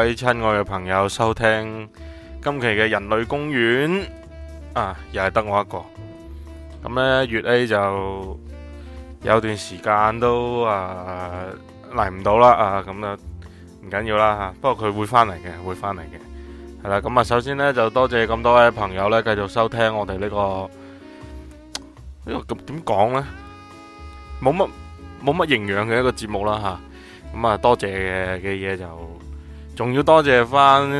各位親愛嘅朋友收聽今期嘅人類公園啊，又係得我一個咁咧。月 A 就有段時間都啊嚟唔到啦啊，咁啊唔緊要啦吓。不過佢會翻嚟嘅，會翻嚟嘅係啦。咁啊，首先咧就多謝咁多位朋友咧繼續收聽我哋呢個呢個咁點講咧，冇乜冇乜營養嘅一個節目啦吓。咁啊，多謝嘅嘢就～仲要多謝翻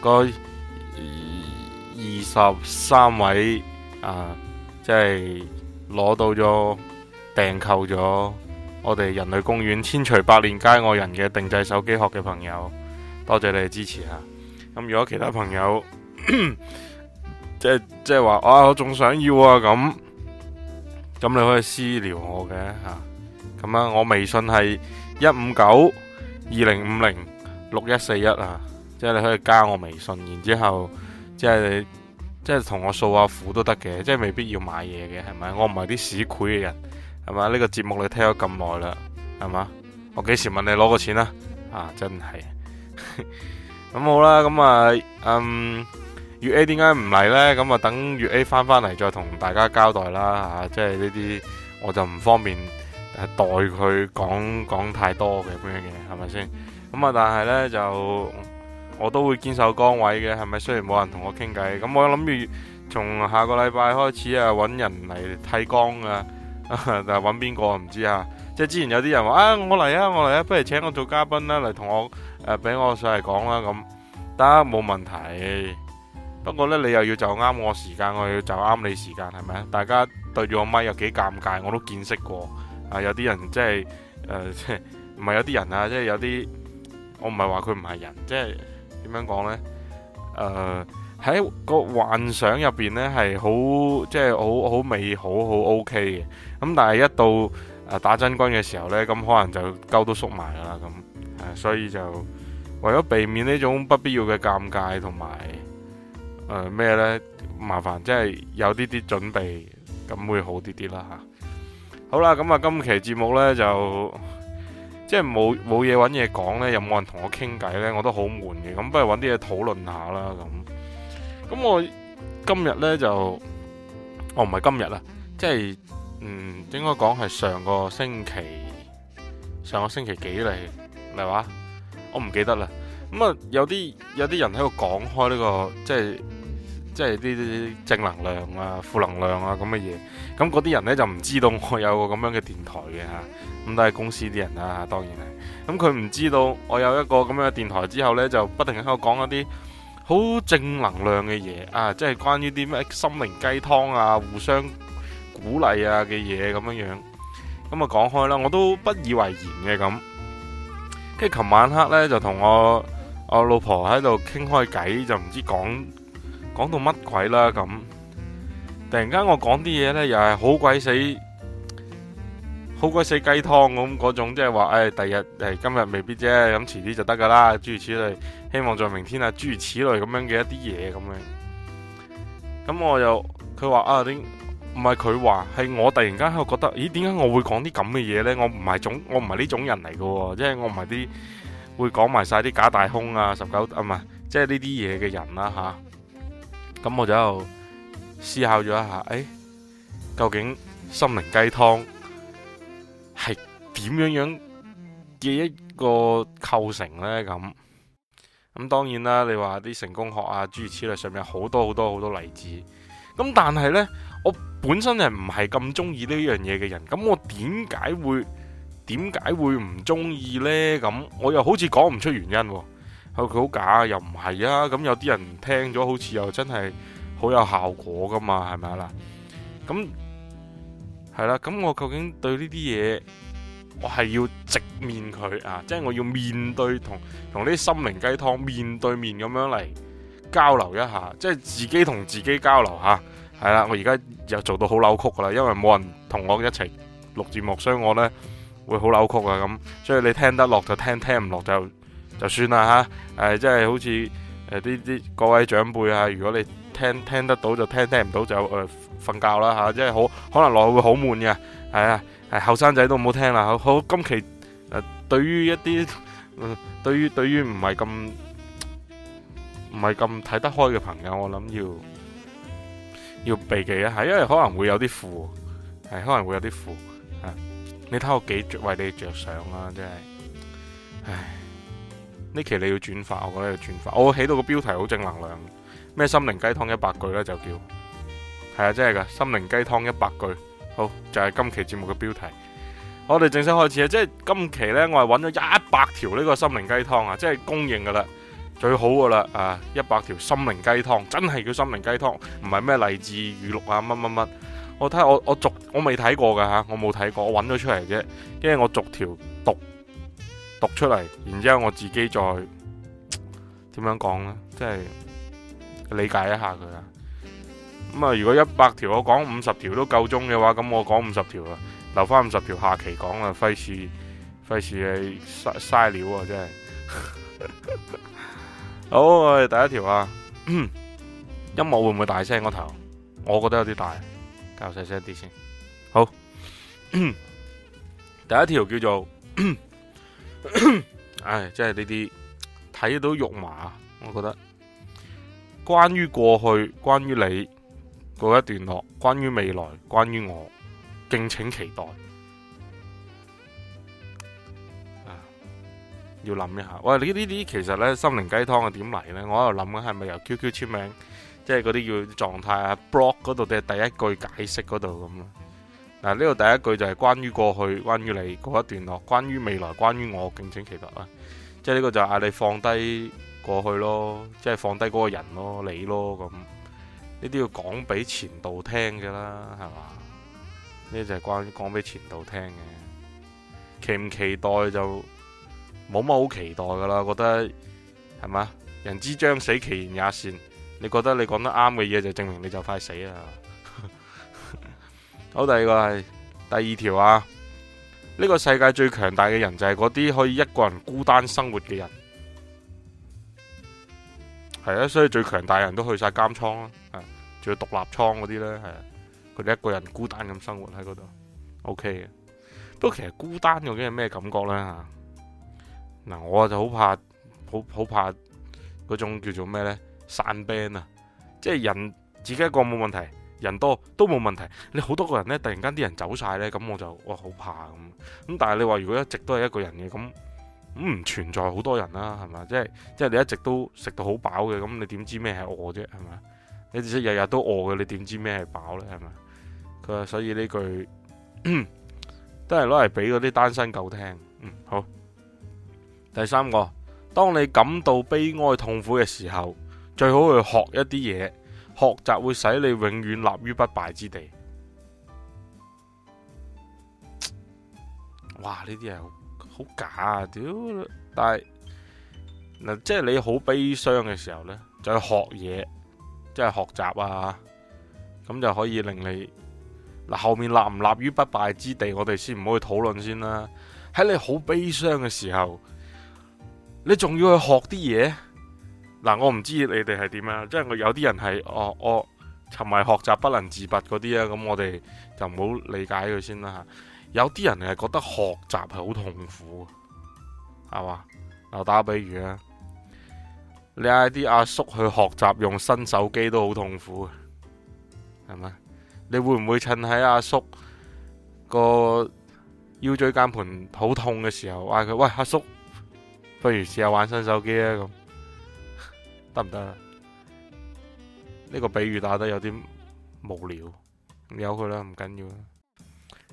個二十三位啊，即係攞到咗訂購咗我哋人類公園千錘百煉街外人嘅定製手機殼嘅朋友，多謝你嘅支持吓。咁如果其他朋友即係即係話啊，我仲想要啊，咁咁你可以私聊我嘅吓。咁啊，我微信係一五九二零五零，六一四一啊，即係你可以加我微信，然之後即係你即係同我掃下苦都得嘅，即係、啊、未必要買嘢嘅，係咪？我唔係啲市儈嘅人，係嘛？呢、呢個節目你聽咗咁耐啦，係嘛？我幾時問你攞個錢啊？啊，真係，咁 好啦，咁啊，嗯，月 A 點解唔嚟呢？咁啊，等月 A 翻翻嚟再同大家交代啦，啊，即係呢啲我就唔方便代佢講講太多嘅咁樣嘅，係咪先？咁啊，但係呢，就我都會堅守崗位嘅，係咪？雖然冇人同我傾偈，咁我諗住從下個禮拜開始啊，揾人嚟替崗啊，但係搵邊個我唔知啊。即係之前有啲人話啊，我嚟啊，我嚟啊，不如請我做嘉賓啦，嚟同我誒，俾、呃、我上嚟講啦，咁得冇問題。不過呢，你又要就啱我時間，我要就啱你時間，係咪？大家對住我咪有幾尷尬，我都見識過啊。有啲人即係誒，唔、呃、係有啲人啊，即係有啲。我唔係話佢唔係人，即係點樣講呢？誒喺個幻想入邊呢，係好，即係好好美，好好 OK 嘅。咁但係一到誒打真軍嘅時候呢，咁可能就鳩都縮埋㗎啦，咁。誒所以就為咗避免呢種不必要嘅尷尬同埋誒咩呢麻煩，即係有啲啲準備咁會好啲啲啦吓。好啦，咁啊，今期節目呢就～即係冇冇嘢揾嘢講呢，有冇人同我傾偈呢？我都好悶嘅。咁不如揾啲嘢討論下啦。咁咁我今日呢，就，哦唔係今日啦，即係嗯應該講係上個星期，上個星期幾嚟，嚟話我唔記得啦。咁啊有啲有啲人喺度講開呢個即係。即係啲啲正能量啊、負能量啊咁嘅嘢，咁嗰啲人呢，就唔知道我有個咁樣嘅電台嘅嚇，咁都係公司啲人啊，當然係。咁佢唔知道我有一個咁樣嘅電台之後呢，就不停喺度講一啲好正能量嘅嘢啊，即係關於啲咩心靈雞湯啊、互相鼓勵啊嘅嘢咁樣樣。咁啊講開啦，我都不以為然嘅咁。跟住琴晚黑呢，就同我我老婆喺度傾開偈，就唔知講。講到乜鬼啦咁，突然間我講啲嘢呢，又係好鬼死好鬼死雞湯咁嗰種，即係話誒，第日誒今日未必啫，咁遲啲就得噶啦。諸如此類，希望在明天啊，諸如此類咁樣嘅一啲嘢咁樣。咁我又佢話啊，點唔係佢話，係我突然間又覺得，咦，點解我會講啲咁嘅嘢呢？我唔係種，我唔係呢種人嚟噶即係我唔係啲會講埋晒啲假大空啊，十九啊，唔係即係呢啲嘢嘅人啦吓。咁我就思考咗一下，誒、哎，究竟心靈雞湯係點樣樣嘅一個構成呢？咁咁當然啦，你話啲成功學啊諸如此類，上面好多好多好多例子。咁但係呢，我本身係唔係咁中意呢樣嘢嘅人，咁我點解會點解會唔中意呢？咁我又好似講唔出原因。佢好假，又唔係啊！咁有啲人聽咗，好似又真係好有效果噶嘛，係咪啊啦？咁係啦，咁我究竟對呢啲嘢，我係要直面佢啊！即係我要面對同同啲心靈雞湯面對面咁樣嚟交流一下，即係自己同自己交流下。係啦，我而家又做到好扭曲噶啦，因為冇人同我一齊錄節目，所以我呢會好扭曲啊！咁所以你聽得落就聽，聽唔落就。就算啦吓，誒，即係好似誒啲啲各位長輩啊，如果你聽聽得到就聽，聽唔到就誒瞓覺啦吓，即係可可能耐會好悶嘅，係啊，係後生仔都唔好聽啦，好，今期誒對於一啲，對於、嗯、對於唔係咁唔係咁睇得開嘅朋友，我諗要要避忌一下。係因為可能會有啲負，係可能會有啲負，你睇我幾着為你着想啊，真係，呢期你要轉發，我覺得要轉發。我起到個標題好正能量的，咩心靈雞湯一百句呢？就叫，係啊真係噶，心靈雞湯一百句。好，就係今期節目嘅標題。我哋正式開始啊！即係今期呢，我係揾咗一百條呢個心靈雞湯啊，即係公認噶啦，最好噶啦啊！一百條心靈雞湯，真係叫心靈雞湯，唔係咩勵志語錄啊乜乜乜。我睇下我我逐我未睇過噶吓，我冇睇過，我揾咗出嚟啫，因為我逐條讀。讀出嚟，然之後我自己再點樣講呢？即係理解一下佢啦。咁啊，如果一百條我講五十條都夠鐘嘅話，咁我講五十條啦，留翻五十條下期講啦，費事費事係嘥嘥料啊，真係。好，我哋第一條啊，音樂會唔會大聲個頭？我覺得有啲大，較細聲啲先。好，第一條叫做。 唉，即係呢啲睇到肉麻，我覺得關於過去、關於你嗰一段落，關於未來、關於我，敬請期待。啊，要諗一下，喂，你呢啲其實呢，心靈雞湯係點嚟呢？我喺度諗緊係咪由 QQ 簽名，即係嗰啲叫狀態啊，blog 嗰度嘅第一句解釋嗰度咁嗱、啊，呢個第一句就係關於過去，關於你嗰一段咯，關於未來，關於我，敬請期待啦。即係呢個就嗌你放低過去咯，即係放低嗰個人咯，你咯咁，呢啲要講俾前度聽嘅啦，係嘛？呢就係關於講俾前度聽嘅，期唔期待就冇乜好期待噶啦，覺得係嘛？人之將死，其言也善。你覺得你講得啱嘅嘢，就證明你就快死啦。好，第二個係第二條啊！呢個世界最強大嘅人就係嗰啲可以一個人孤單生活嘅人，係啊，所以最強大人都去晒監倉啦，啊，仲要獨立倉嗰啲呢。係啊，佢哋一個人孤單咁生活喺嗰度，OK 嘅。不過其實孤單究竟係咩感覺呢？吓，嗱，我就好怕，好好怕嗰種叫做咩呢？散 band 啊，即係人自己一個冇問題。人多都冇問題，你好多個人呢，突然間啲人走晒呢，咁我就哇好怕咁。咁但係你話如果一直都係一個人嘅，咁唔存在好多人啦，係咪？即係即係你一直都食到好飽嘅，咁你點知咩係餓啫？係咪？你日日都餓嘅，你點知咩係飽呢，係咪？佢話所以呢句都係攞嚟俾嗰啲單身狗聽，嗯。好。第三個，當你感到悲哀痛苦嘅時候，最好去學一啲嘢。學習會使你永遠立於不敗之地。哇！呢啲係好好假啊，屌！但係即係你好悲傷嘅時候呢，就學嘢，即係學習啊，咁就可以令你嗱後面立唔立於不敗之地，我哋先唔好去討論先啦。喺你好悲傷嘅時候，你仲要去學啲嘢。嗱，我唔知你哋係點呀。即係我有啲人係，哦哦，沉迷學習不能自拔嗰啲啊，咁我哋就唔好理解佢先啦吓。有啲人係覺得學習係好痛苦，係嘛？嗱，打個比喻啊，你嗌啲阿叔去學習用新手機都好痛苦，係咪？你會唔會趁喺阿叔個腰椎間盤好痛嘅時候，嗌佢喂，阿叔，不如試下玩新手機啊咁？得唔得啊？呢個比喻打得有啲無聊，由佢啦，唔緊要啦。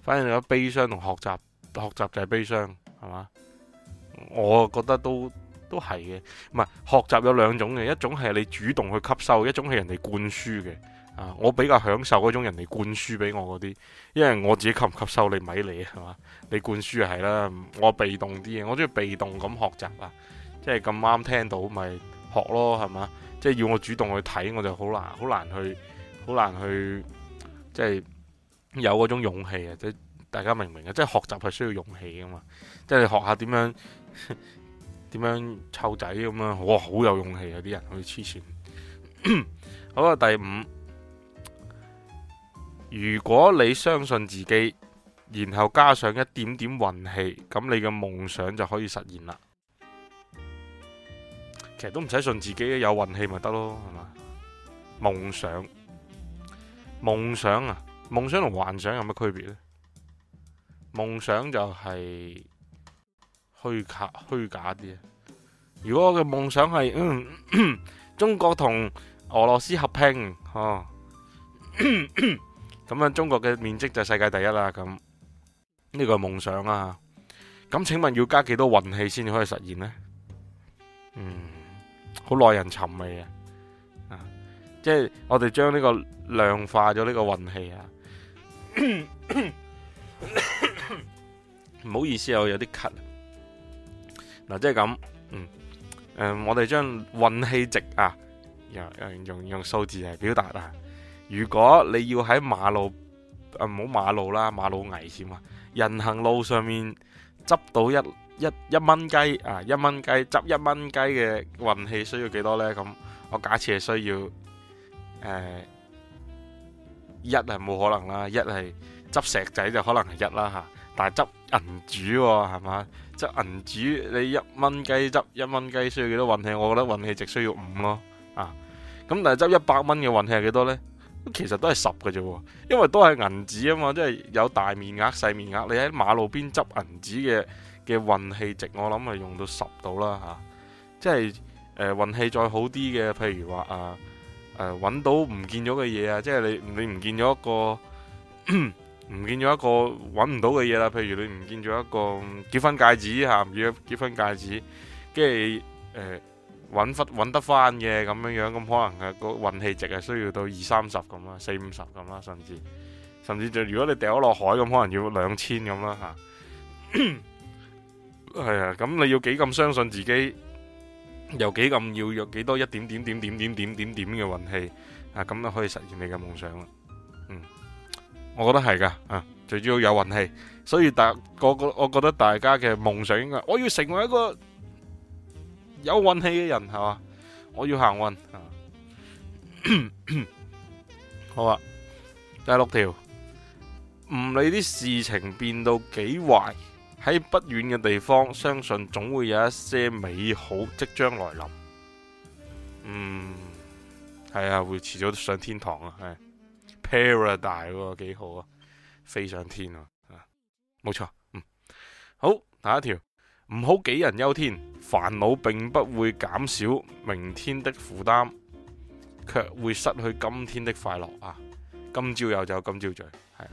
反正有悲傷同學習，學習就係悲傷，係嘛？我覺得都都係嘅，唔係學習有兩種嘅，一種係你主動去吸收，一種係人哋灌輸嘅啊。我比較享受嗰種人哋灌輸俾我嗰啲，因爲我自己吸唔吸收你咪你係嘛？你灌輸係啦，我被動啲嘅，我中意被動咁學習啊，即係咁啱聽到咪。學咯，係嘛？即係要我主動去睇，我就好難，好難去，好難去，即係有嗰種勇氣啊！即大家明唔明啊？即係學習係需要勇氣噶嘛？即係學下點樣點樣湊仔咁樣，哇！好有勇氣啊！啲人去黐線。好啊，第五，如果你相信自己，然後加上一點點運氣，咁你嘅夢想就可以實現啦。其實都唔使信自己有運氣咪得咯，係嘛？夢想，夢想啊，夢想同幻想有乜區別呢？夢想就係虛假虛假啲啊！如果我嘅夢想係、嗯、中國同俄羅斯合拼哦，咁、啊、樣中國嘅面積就世界第一啦。咁呢個係夢想啊！咁請問要加幾多運氣先可以實現呢？嗯。好耐人尋味啊！啊，即係我哋將呢個量化咗呢個運氣啊，唔好意思啊，我有啲咳。嗱、啊，即係咁，嗯，我哋將運氣值啊，啊用用數字嚟表達啊。如果你要喺馬路唔好、啊、馬路啦，馬路危險啊，人行路上面執到一。一一蚊雞啊！一蚊雞，一蚊雞執一蚊雞嘅運氣需要幾多呢？咁我假設係需要誒、呃、一係冇可能啦，一係執石仔就可能係一啦嚇。但係執銀紙喎，係嘛？執銀紙你一蚊雞執一蚊雞需要幾多運氣？我覺得運氣值需要五咯啊！咁但係執一百蚊嘅運氣係幾多呢？其實都係十嘅啫，因為都係銀紙啊嘛，即係有大面額、細面額。你喺馬路邊執銀紙嘅嘅運氣值我諗係用到十度啦吓，即係誒、呃、運氣再好啲嘅，譬如話啊誒揾到唔見咗嘅嘢啊，即係你你唔見咗一個唔見咗一個揾唔到嘅嘢啦，譬如你唔見咗一個結婚戒指嚇，要、啊、結婚戒指跟住誒揾得翻嘅咁樣樣，咁可能個運氣值係需要到二三十咁啦，四五十咁啦，甚至甚至就如果你掉咗落海咁，可能要兩千咁啦吓。係啊，咁你要幾咁相信自己，又幾咁要有幾多一點點點點點點點點嘅運氣啊，咁就可以實現你嘅夢想啦。嗯，我覺得係噶啊，最主要有運氣，所以大個個我覺得大家嘅夢想應該我要成為一個有運氣嘅人，係嘛？我要行運啊。好啊，第六條，唔理啲事情變到幾壞。喺不遠嘅地方，相信總會有一些美好即將來臨。嗯，係啊，會遲早上天堂啊，係 Paradise 喎，幾好啊，飛上天啊，冇錯，嗯，好，下一條，唔好杞人憂天，煩惱並不會減少明天的負擔，卻會失去今天的快樂啊，今朝有酒今朝醉，係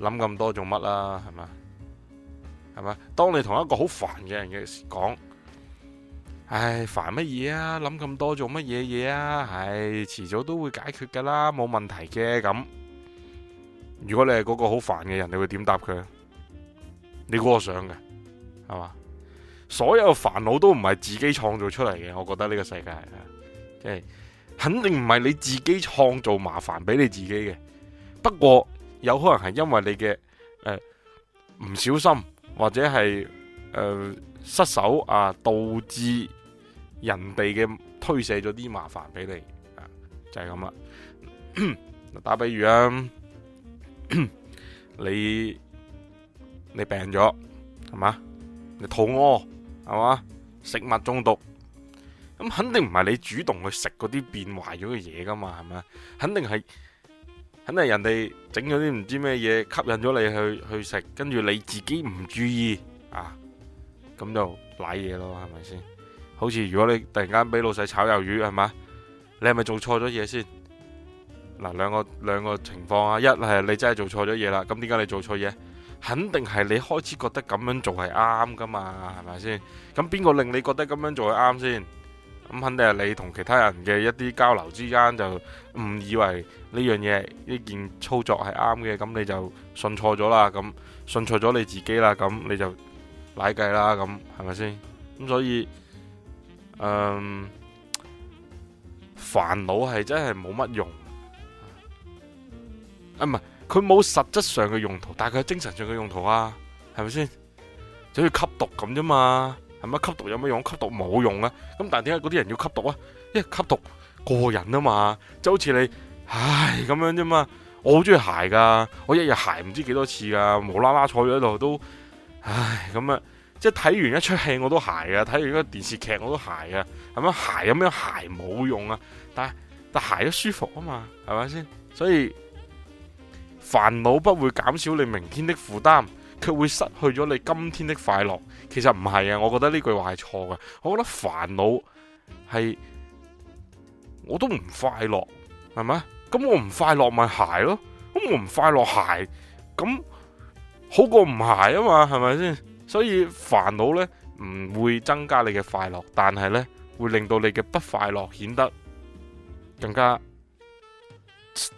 諗咁多做乜啦，啊，係咪？係嘛？當你同一個好煩嘅人嘅講，唉，煩乜嘢啊？諗咁多做乜嘢嘢啊？唉，遲早都會解決噶啦，冇問題嘅。咁如果你係嗰個好煩嘅人，你會點答佢？你估我想嘅係嘛？所有煩惱都唔係自己創造出嚟嘅，我覺得呢個世界，即係、就是、肯定唔係你自己創造麻煩俾你自己嘅。不過有可能係因為你嘅呃、唔小心。或者係誒、呃、失手啊，導致人哋嘅推卸咗啲麻煩俾你啊，就係咁啦。打比如啊， 你你病咗係嘛？你肚屙係嘛？食物中毒，咁肯定唔係你主動去食嗰啲變壞咗嘅嘢噶嘛，係咪？肯定係。肯定人哋整咗啲唔知咩嘢吸引咗你去去食，跟住你自己唔注意啊，咁就瀨嘢咯，係咪先？好似如果你突然間俾老細炒魷魚，係嘛？你係咪做錯咗嘢先？嗱，兩個兩個情況啊，一係你真係做錯咗嘢啦，咁點解你做錯嘢？肯定係你開始覺得咁樣做係啱㗎嘛，係咪先？咁邊個令你覺得咁樣做係啱先？咁肯定係你同其他人嘅一啲交流之間，就誤以為呢樣嘢呢件操作係啱嘅，咁你就信錯咗啦，咁信錯咗你自己啦，咁你就奶計啦，咁係咪先？咁所以，嗯，煩惱係真係冇乜用，啊，唔係佢冇實質上嘅用途，但係佢係精神上嘅用途啊，係咪先？就好似吸毒咁啫嘛。係咪吸毒有乜用？吸毒冇用啊！咁但係點解嗰啲人要吸毒啊？因為吸毒過癮啊嘛，就好似你唉咁樣啫嘛。我好中意鞋噶，我一日鞋唔知幾多次噶，無啦啦坐咗喺度都唉咁啊！即係睇完一出戲我都鞋噶，睇完一個電視劇我都鞋噶。係咪鞋咁樣鞋冇用啊？但係但鞋都舒服啊嘛，係咪先？所以煩惱不會減少你明天的負擔。佢會失去咗你今天的快樂，其實唔係啊，我覺得呢句話係錯噶。我覺得煩惱係我都唔快樂，係咪？咁我唔快樂咪鞋咯，咁我唔快樂鞋咁好過唔鞋啊嘛，係咪先？所以煩惱呢唔會增加你嘅快樂，但係呢會令到你嘅不快樂顯得更加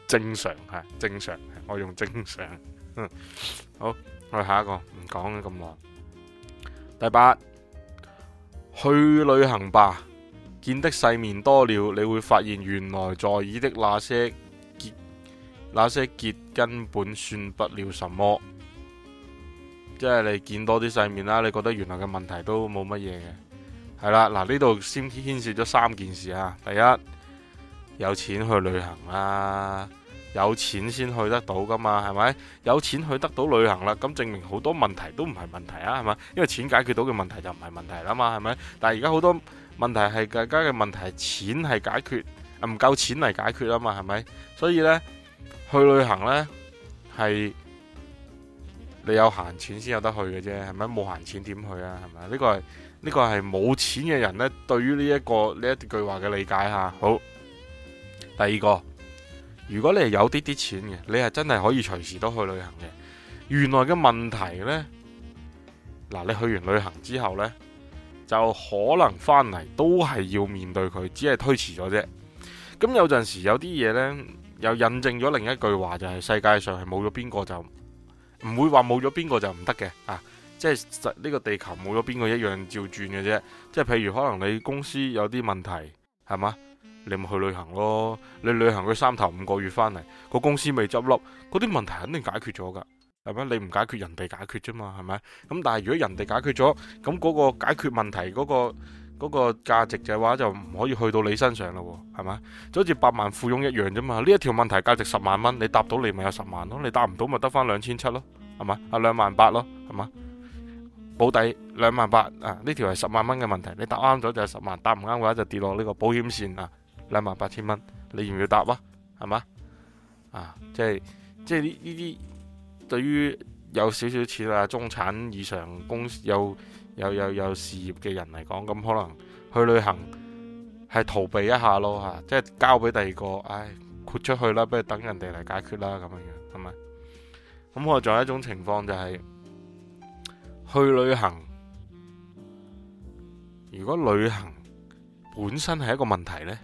正常吓，正常，我用正常，好。我哋下一個唔講咁耐。第八，去旅行吧，見的世面多了，你會發現原來在意的那些結，那些結根本算不了什麼。即係你見多啲世面啦，你覺得原來嘅問題都冇乜嘢嘅。係啦，嗱，呢度先牽涉咗三件事啊。第一，有錢去旅行啦。有錢先去得到㗎嘛，係咪？有錢去得到旅行啦，咁證明好多問題都唔係問題啊，係咪？因為錢解決到嘅問題就唔係問題啦嘛，係咪？但係而家好多問題係大家嘅問題，係錢係解決，唔夠錢嚟解決啊嘛，係咪？所以呢，去旅行呢，係你有閒錢先有得去嘅啫，係咪？冇閒錢點去啊？係咪？呢個係呢個係冇錢嘅人呢，對於呢一個呢一句話嘅理解吓。好，第二個。如果你係有啲啲錢嘅，你係真係可以隨時都去旅行嘅。原來嘅問題呢，嗱，你去完旅行之後呢，就可能翻嚟都係要面對佢，只係推遲咗啫。咁有陣時有啲嘢呢，又印證咗另一句話，就係世界上係冇咗邊個就唔會話冇咗邊個就唔得嘅啊！即係呢個地球冇咗邊個一樣照轉嘅啫。即係譬如可能你公司有啲問題，係嘛？你咪去旅行咯，你旅行去三頭五個月翻嚟，個公司未執笠，嗰啲問題肯定解決咗噶，係咪？你唔解決，人哋解決啫嘛，係咪？咁但係如果人哋解決咗，咁嗰個解決問題嗰個嗰個價值嘅話，就唔可以去到你身上咯，係咪？就好似百萬富翁一樣啫嘛，呢一條問題價值十萬蚊，你答到你咪有十萬咯，你答唔到咪得翻兩千七咯，係嘛？啊兩萬八咯，係嘛？保底兩萬八啊，呢條係十萬蚊嘅問題，你答啱咗就十萬，答唔啱嘅話就跌落呢個保險線啊！兩萬八千蚊，你要唔要答啊？係嘛？啊，即係即係呢呢啲對於有少少錢啊中產以上公司有有有有事業嘅人嚟講，咁可能去旅行係逃避一下咯吓，即係交俾第二個，唉、哎、豁出去啦，不如等人哋嚟解決啦咁樣樣，係咪？咁我仲有一種情況就係、是、去旅行，如果旅行本身係一個問題呢。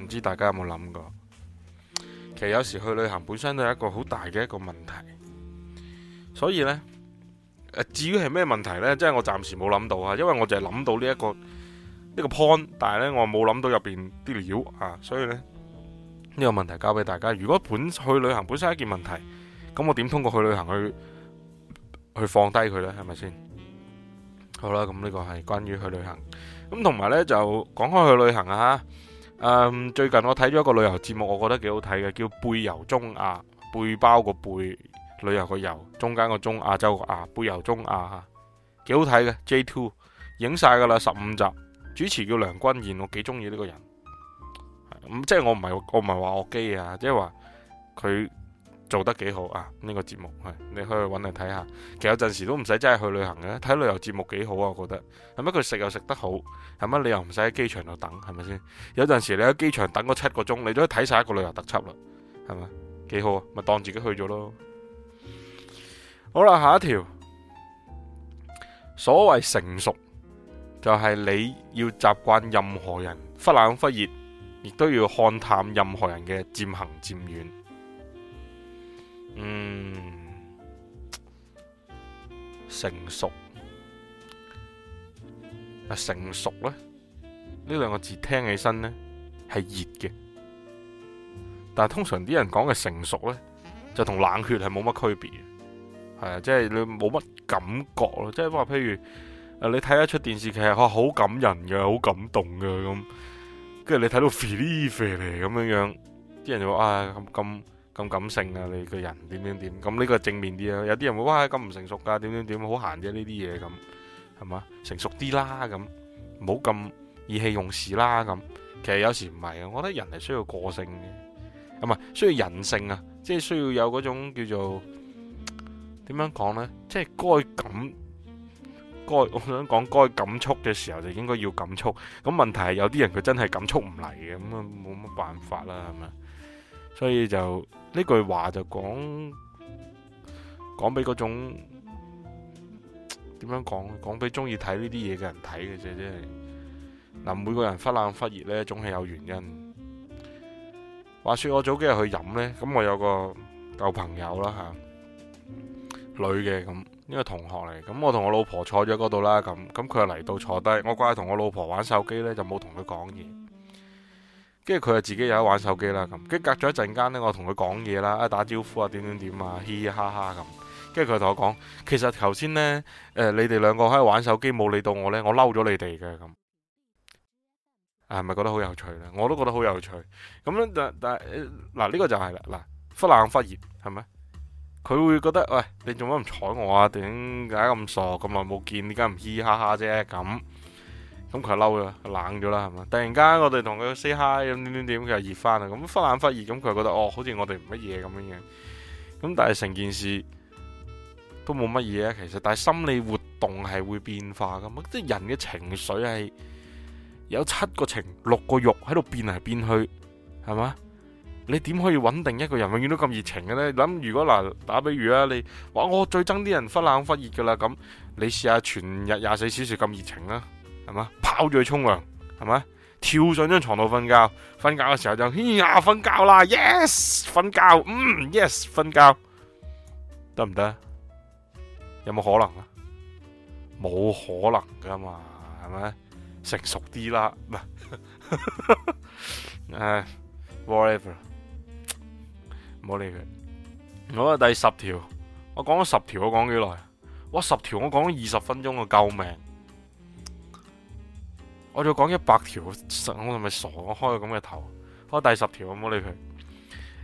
唔知大家有冇諗過？其實有時去旅行本身都係一個好大嘅一個問題，所以呢誒，至於係咩問題呢，即係我暫時冇諗到啊，因為我就係諗到呢一個呢個 point，但係呢我冇諗到入邊啲料啊，所以呢呢個問題交俾大家。如果本去旅行本身係一件問題，咁我點通過去旅行去去放低佢呢？係咪先？好啦，咁呢個係關於去旅行咁，同埋呢就講開去旅行啊。誒最近我睇咗一個旅遊節目，我覺得幾好睇嘅，叫《背遊中亞》，背包個背，旅遊個遊，中間個中亞洲個亞，背遊中亞嚇，幾好睇嘅。J2 影晒㗎啦，十五集，主持叫梁君彥。我幾中意呢個人。咁即係我唔係我唔係話我機啊，即係話佢。做得幾好啊！呢、這個節目係你可以揾嚟睇下。其實有陣時都唔使真係去旅行嘅，睇旅遊節目幾好啊！我覺得係乜佢食又食得好，係乜你又唔使喺機場度等，係咪先？有陣時你喺機場等個七個鐘，你都睇晒一個旅遊特輯啦，係咪？幾好啊！咪當自己去咗咯。好啦，下一條。所謂成熟，就係、是、你要習慣任何人忽冷忽熱，亦都要看淡任何人嘅漸行漸遠。嗯，成熟啊，成熟咧，呢兩個字聽起身呢係熱嘅，但係通常啲人講嘅成熟呢，就同冷血係冇乜區別，係啊，即係你冇乜感覺咯，即係話譬如你睇一出電視劇，係好感人嘅，好感動嘅咁，跟住你睇到 feel 嚟，咁樣樣，啲人就話啊咁咁。哎咁感性啊，你個人點點點咁，呢個正面啲啊？有啲人會哇咁唔成熟噶、啊，點點點好閒啫呢啲嘢，咁係嘛？成熟啲啦咁，唔好咁意氣用事啦咁。其實有時唔係啊，我覺得人係需要個性嘅，唔係需要人性啊，即係需要有嗰種叫做點樣講呢？即係該感該我想講該感觸嘅時候就應該要感觸。咁問題係有啲人佢真係感觸唔嚟嘅，咁啊冇乜辦法啦係咪？所以就。呢句話就講講俾嗰種點樣講？講俾鍾意睇呢啲嘢嘅人睇嘅啫，即係嗱，每個人忽冷忽熱呢，總係有原因。話説我早幾日去飲呢，咁我有個舊朋友啦吓，女嘅咁，呢個同學嚟，咁我同我老婆坐咗嗰度啦，咁咁佢又嚟到坐低，我掛住同我老婆玩手機呢，就冇同佢講嘢。跟住佢就自己又喺玩手機啦咁，了跟住隔咗一陣間呢，我同佢講嘢啦，啊打招呼啊點點點啊，嘻嘻哈哈咁。就跟住佢同我講，其實頭先呢，誒、呃、你哋兩個喺度玩手機冇理到我呢，我嬲咗你哋嘅咁。啊，係咪覺得好有趣呢？我都覺得好有趣。咁咧，但但嗱呢個就係、是、啦，忽冷忽熱係咪？佢會覺得喂，你做乜唔睬我啊？點解咁傻咁耐冇見，點解唔嘻嘻哈哈啫咁？咁佢嬲啦，冷咗啦，係嘛？突然間我哋同佢 say hi 咁點點點，佢又熱翻啦。咁忽冷忽熱，咁佢覺得哦，好似我哋唔乜嘢咁樣樣。咁但係成件事都冇乜嘢啊。其實，但係心理活動係會變化噶嘛，即係人嘅情緒係有七個情六個欲喺度變嚟變去，係嘛？你點可以穩定一個人永遠都咁熱情嘅咧？諗如果嗱打比如啊，你話我最憎啲人忽冷忽熱噶啦，咁你試下全日廿四小時咁熱情啦。係咪？跑住去沖涼，係咪？跳上張床度瞓覺，瞓覺嘅時候就，哎呀，瞓覺啦，Yes，瞓覺，嗯，Yes，瞓覺，得唔得？有冇可能啊？冇可能噶嘛，係咪？成熟啲啦，唔係，唉，Whatever，唔好理佢。我啊第十條，我講咗十條，我講幾耐？哇，十條我講咗二十分鐘啊，救命！我仲講一百條，我係咪傻？我開個咁嘅頭，開第十條，我冇理佢。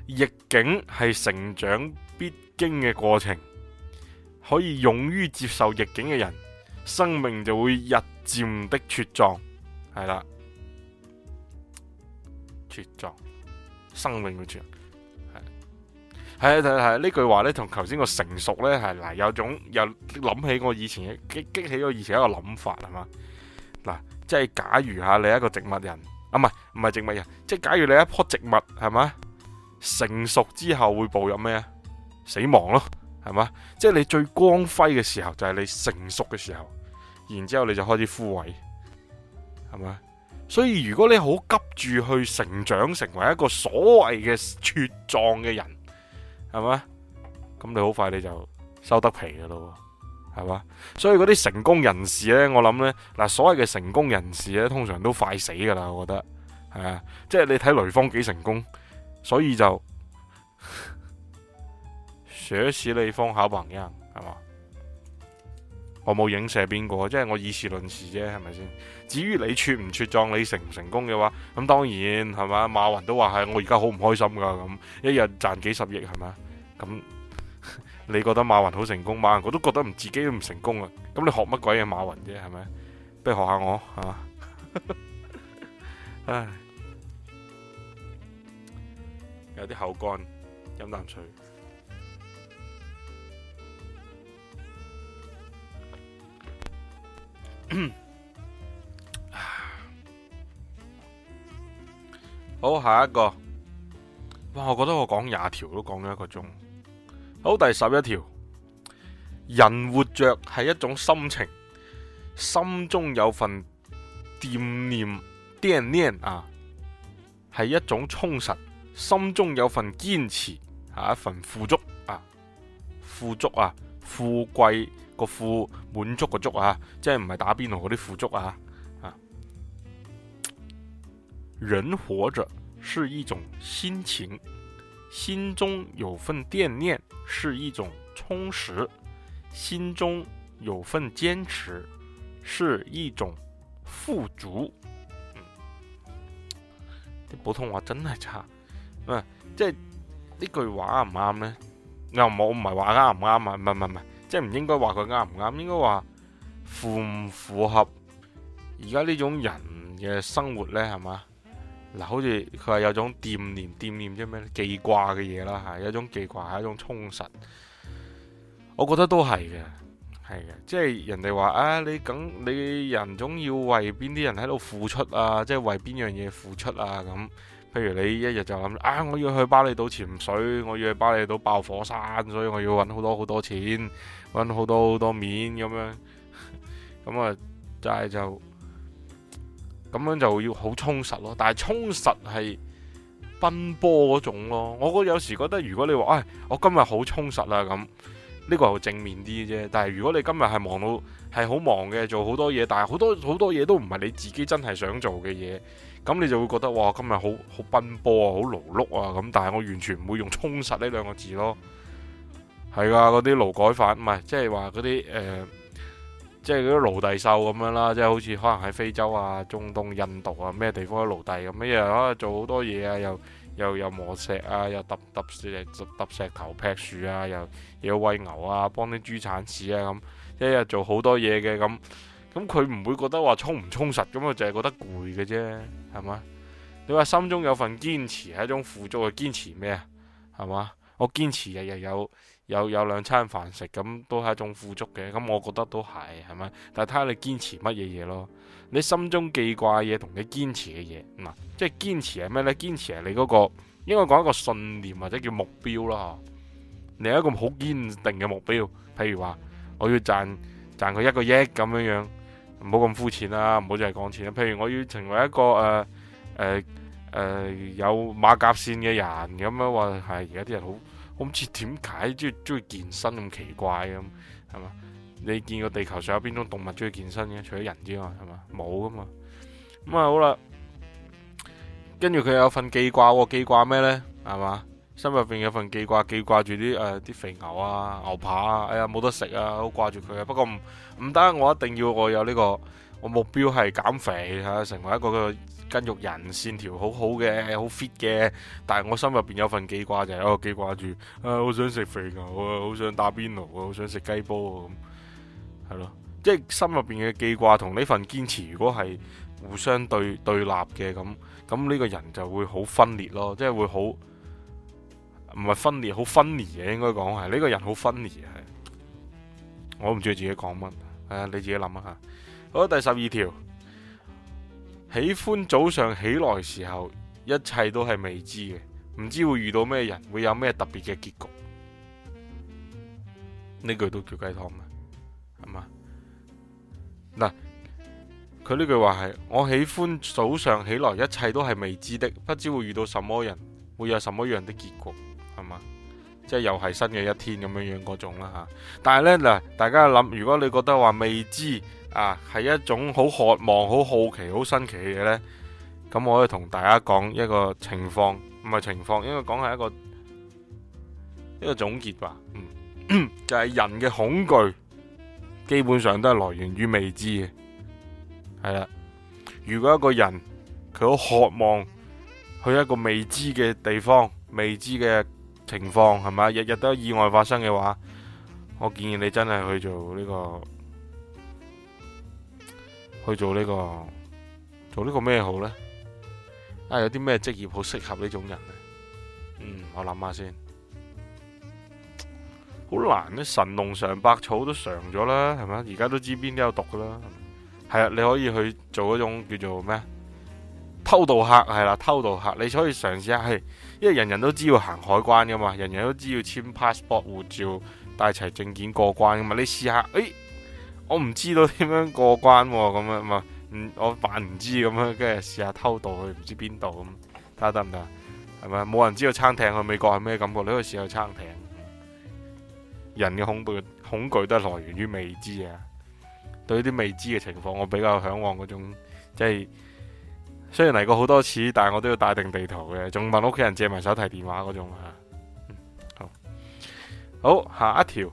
逆境係成長必經嘅過程，可以勇於接受逆境嘅人，生命就會日漸的茁壯，係啦，茁壯，生命嘅茁壯，係係係呢句話呢，同頭先個成熟呢，係嗱，有種又諗起我以前激激起我以前一個諗法係嘛。嗱，即係假如吓你係一個植物人，啊唔係唔係植物人，即係假如你係一棵植物係嘛，成熟之後會步入咩啊？死亡咯，係嘛？即係你最光輝嘅時候就係、是、你成熟嘅時候，然之後你就開始枯萎，係嘛？所以如果你好急住去成長成為一個所謂嘅茁壯嘅人，係嘛？咁你好快你就收得皮嘅咯。係嘛？所以嗰啲成功人士呢，我諗呢，嗱，所謂嘅成功人士呢，通常都快死噶啦，我覺得係啊。即係你睇雷鋒幾成功，所以就捨死 雷鋒考朋友係嘛？我冇影射邊個，即係我以事論事啫，係咪先？至於你出唔出狀，你成唔成功嘅話，咁當然係嘛？馬雲都話係，我而家好唔開心噶咁，一日賺幾十億係嘛？咁。那你覺得馬雲好成功，馬雲我都覺得唔自己都唔成功啊！咁你學乜鬼嘢馬雲啫，係咪？不如學下我嚇。唉，有啲口乾，飲啖水。好，下一個。哇，我覺得我講廿條都講咗一個鐘。好，第十一條，人活着係一種心情，心中有份惦念、惦念啊，係一種充實；心中有份堅持，係、啊、一份富足啊，富足啊，富貴個富，滿足個足啊，即係唔係打邊爐嗰啲富足啊啊！人活着是一種心情。心中有份惦念是一種充實，心中有份堅持是一種富足。啲、嗯、普通話真係差，啊、嗯，即係呢句話啱唔啱咧？又冇唔係話啱唔啱啊？唔係唔係唔係，即係唔應該話佢啱唔啱，應該話符唔符合而家呢種人嘅生活咧，係嘛？嗱，好似佢係有種惦念、惦念即咩咧？記掛嘅嘢啦，係一種記掛，係一,一種充實。我覺得都係嘅，係嘅。即係人哋話啊，你咁你人總要為邊啲人喺度付出啊？即係為邊樣嘢付出啊？咁譬如你一日就諗啊，我要去巴厘島潛水，我要去巴厘島爆火山，所以我要揾好多好多錢，揾好多好多面咁樣。咁啊，就係、係、就～咁樣就要好充實咯，但係充實係奔波嗰種咯。我有時覺得，如果你話，哎，我今日好充實啦，咁呢個係正面啲啫。但係如果你今日係忙到係好忙嘅，做好多嘢，但係好多好多嘢都唔係你自己真係想做嘅嘢，咁你就會覺得哇，今日好好奔波啊，好勞碌啊咁。但係我完全唔會用充實呢兩個字咯。係㗎，嗰啲勞改犯唔係，即係話嗰啲誒。呃即係嗰啲奴隸獸咁樣啦，即係好似可能喺非洲啊、中東、印度啊咩地方啲奴隸咁，一日可能做好多嘢啊，又又又磨石啊，又揼揼石、揼石頭劈樹啊，又又要餵牛啊，幫啲豬鏟屎啊咁，一日做好多嘢嘅咁。咁佢唔會覺得話充唔充實，咁佢就係覺得攰嘅啫，係嘛？你話心中有份堅持係一種輔助嘅堅持咩啊？係嘛？我堅持日日有。有有兩餐飯食咁都係一種富足嘅，咁我覺得都係，係咪？但睇下你堅持乜嘢嘢咯？你心中記掛嘢同你堅持嘅嘢，嗱、啊，即係堅持係咩呢？堅持係你嗰、那個應該講一個信念或者叫目標咯。你有一個好堅定嘅目標，譬如話我要賺賺佢一個億咁樣樣，唔好咁膚淺啦、啊，唔好淨係講錢啦、啊。譬如我要成為一個誒誒、呃呃呃、有馬甲線嘅人咁樣話，係而家啲人好，好似點解中意中意健身咁奇怪咁係嘛？你見過地球上有邊種動物中意健身嘅？除咗人之外，係嘛？冇噶嘛。咁啊好啦，跟住佢有份記掛、哦，記掛咩呢？係嘛？心入邊有份記掛，記掛住啲誒啲肥牛啊、牛扒啊，哎呀冇得食啊，好掛住佢啊。不過唔唔得，我一定要我有呢、這個。我目標係減肥吓，成為一個個筋肉人，線條好好嘅，好 fit 嘅。但係我心入邊有份記掛，就係、有一個記掛住，誒、啊，好想食肥牛啊，好想打邊爐啊，好想食雞煲啊咁，係咯，即係心入邊嘅記掛同呢份堅持，如果係互相對對立嘅咁，咁呢個人就會好分裂咯，即係會好唔係分裂，好分裂嘅應該講係呢個人好分裂係。我唔知自己講乜，你自己諗一下。好，第十二條喜歡早上起來的時候，一切都係未知嘅，唔知會遇到咩人，會有咩特別嘅結局。呢句都叫雞湯嘛，係嘛嗱？佢呢句話係我喜歡早上起來，一切都係未知的，不知會遇到什麼人，會有什麼樣的結局，係嘛？即係又係新嘅一天咁樣樣嗰種啦吓、啊。但係呢，嗱，大家諗，如果你覺得話未知。啊，係一種好渴望、好好奇、好新奇嘅嘢呢。咁我可以同大家講一個情況，唔係情況，應該講係一個一個總結吧。 就係、是、人嘅恐懼，基本上都係來源於未知嘅。係啦，如果一個人佢好渴望去一個未知嘅地方、未知嘅情況，係咪？日日都有意外發生嘅話，我建議你真係去做呢、這個。去做呢、呢個做呢個咩好呢？啊，有啲咩職業好適合呢種人呢？嗯，我諗下先，好難。神農嘗百草都嘗咗啦，係咪？而家都知邊啲有毒噶啦。係啊，你可以去做嗰種叫做咩？偷渡客係啦，偷渡客，你可以嘗試下。係，因為人人都知要行海關噶嘛，人人都知要簽 passport 護照，帶齊證件過關噶嘛。你試下，誒、哎。我唔知道點樣過關咁啊嘛，嗯，我扮唔知咁樣，跟住試下偷渡去唔知邊度咁，睇下得唔得？係咪？冇人知道餐廳去美國係咩感覺？你可以試下餐廳。人嘅恐怖恐懼都係來源於未知啊！對啲未知嘅情況，我比較向往嗰種，即係雖然嚟過好多次，但係我都要帶定地圖嘅，仲問屋企人借埋手提電話嗰種啊，嗯！好，下一條。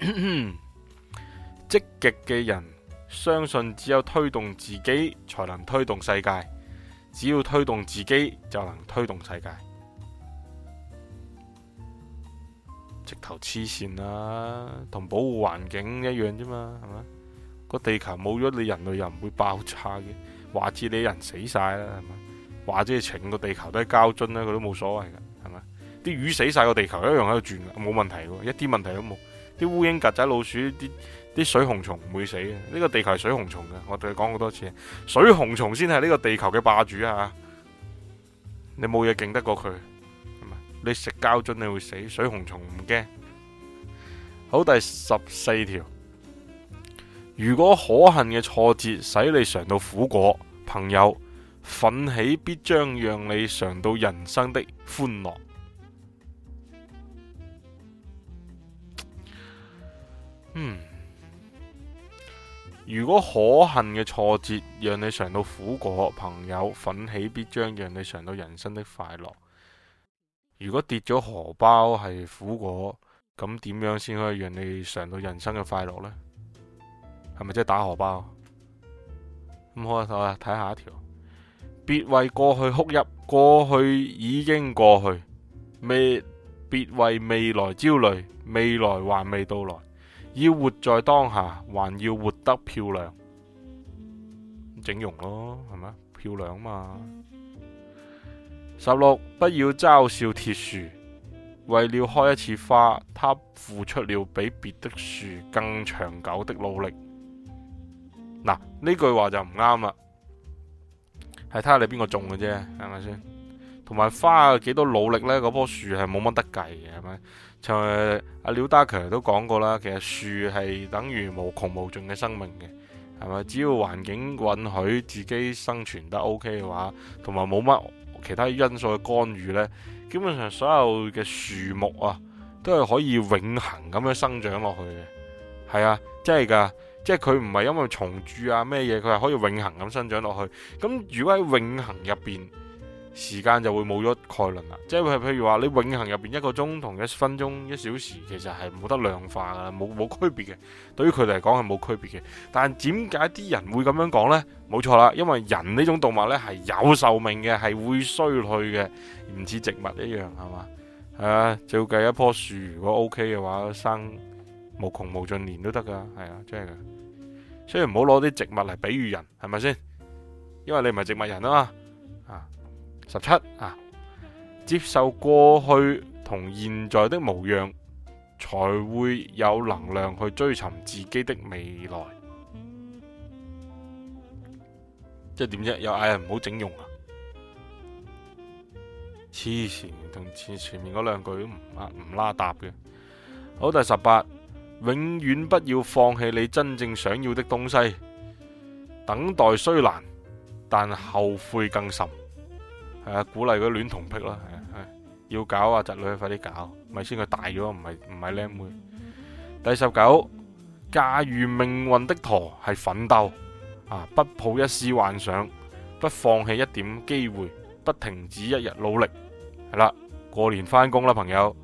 積極嘅人相信，只有推動自己才能推動世界。只要推動自己，就能推動世界。直頭黐線啦，同保護環境一樣啫嘛，係嘛？個地球冇咗你，人類又唔會爆炸嘅，話知你人死晒啦，係嘛？話知你成個地球都係膠樽啦，佢都冇所謂噶，係嘛？啲魚死晒，個地球一樣喺度轉，冇問題，一啲問題都冇。啲烏蠅、曱甴、老鼠啲。這啲水熊蟲唔會死嘅，呢個地球係水熊蟲嘅，我對佢講好多次，水熊蟲先係呢個地球嘅霸主啊！你冇嘢勁得過佢，你食膠樽你會死，水熊蟲唔驚。好，第十四條，如果可恨嘅挫折使你嘗到苦果，朋友，奮起必將讓你嘗到人生的歡樂。嗯。如果可恨嘅挫折讓你嘗到苦果，朋友，奮起必將讓你嘗到人生的快樂。如果跌咗荷包係苦果，咁點樣先可以讓你嘗到人生嘅快樂呢？係咪即係打荷包？咁好啊，我睇下一條，別為過去哭泣，過去已經過去；未別為未來焦慮，未來還未到來。要活在當下，還要活得漂亮，整容咯，係咪？漂亮嘛。十六，不要嘲笑鐵樹，為了開一次花，他付出了比別的樹更長久的努力。嗱，呢句話就唔啱啦，係睇下你邊個種嘅啫，係咪先？同埋花幾多努力呢？嗰棵樹係冇乜得計嘅，係咪？就阿廖達強都講過啦，其實樹係等於無窮無盡嘅生命嘅，係咪？只要環境允許自己生存得 OK 嘅話，同埋冇乜其他因素嘅干預呢，基本上所有嘅樹木啊，都係可以永恆咁樣生長落去嘅。係啊，真係噶，即係佢唔係因為蟲蛀啊咩嘢，佢係可以永恆咁生長落去。咁如果喺永恆入邊，時間就會冇咗概論啦，即係譬如話你永恆入面一個鐘同一分鐘、一小時，其實係冇得量化噶，冇冇區別嘅。對於佢哋嚟講係冇區別嘅。但點解啲人會咁樣講呢？冇錯啦，因為人呢種動物呢係有壽命嘅，係會衰去嘅，唔似植物一樣係嘛？係啊，照計一棵樹如果 OK 嘅話，生無窮無盡年都得噶，係啊，真係嘅。所以唔好攞啲植物嚟比喻人，係咪先？因為你唔係植物人啊嘛，啊！十七啊，接受過去同現在的模樣，才會有能量去追尋自己的未來。即係點啫？又嗌人唔好整容啊！黐線，同前前面嗰兩句都唔唔拉搭嘅。好，第十八，永遠不要放棄你真正想要的東西。等待雖難，但後悔更深。係啊，鼓勵佢戀童癖咯，係要搞啊！侄女快啲搞，咪先佢大咗，唔係唔係靚妹。第十九，駕馭命運的陀，係奮鬥啊！不抱一絲幻想，不放棄一點機會，不停止一日努力。係啦，過年翻工啦，朋友。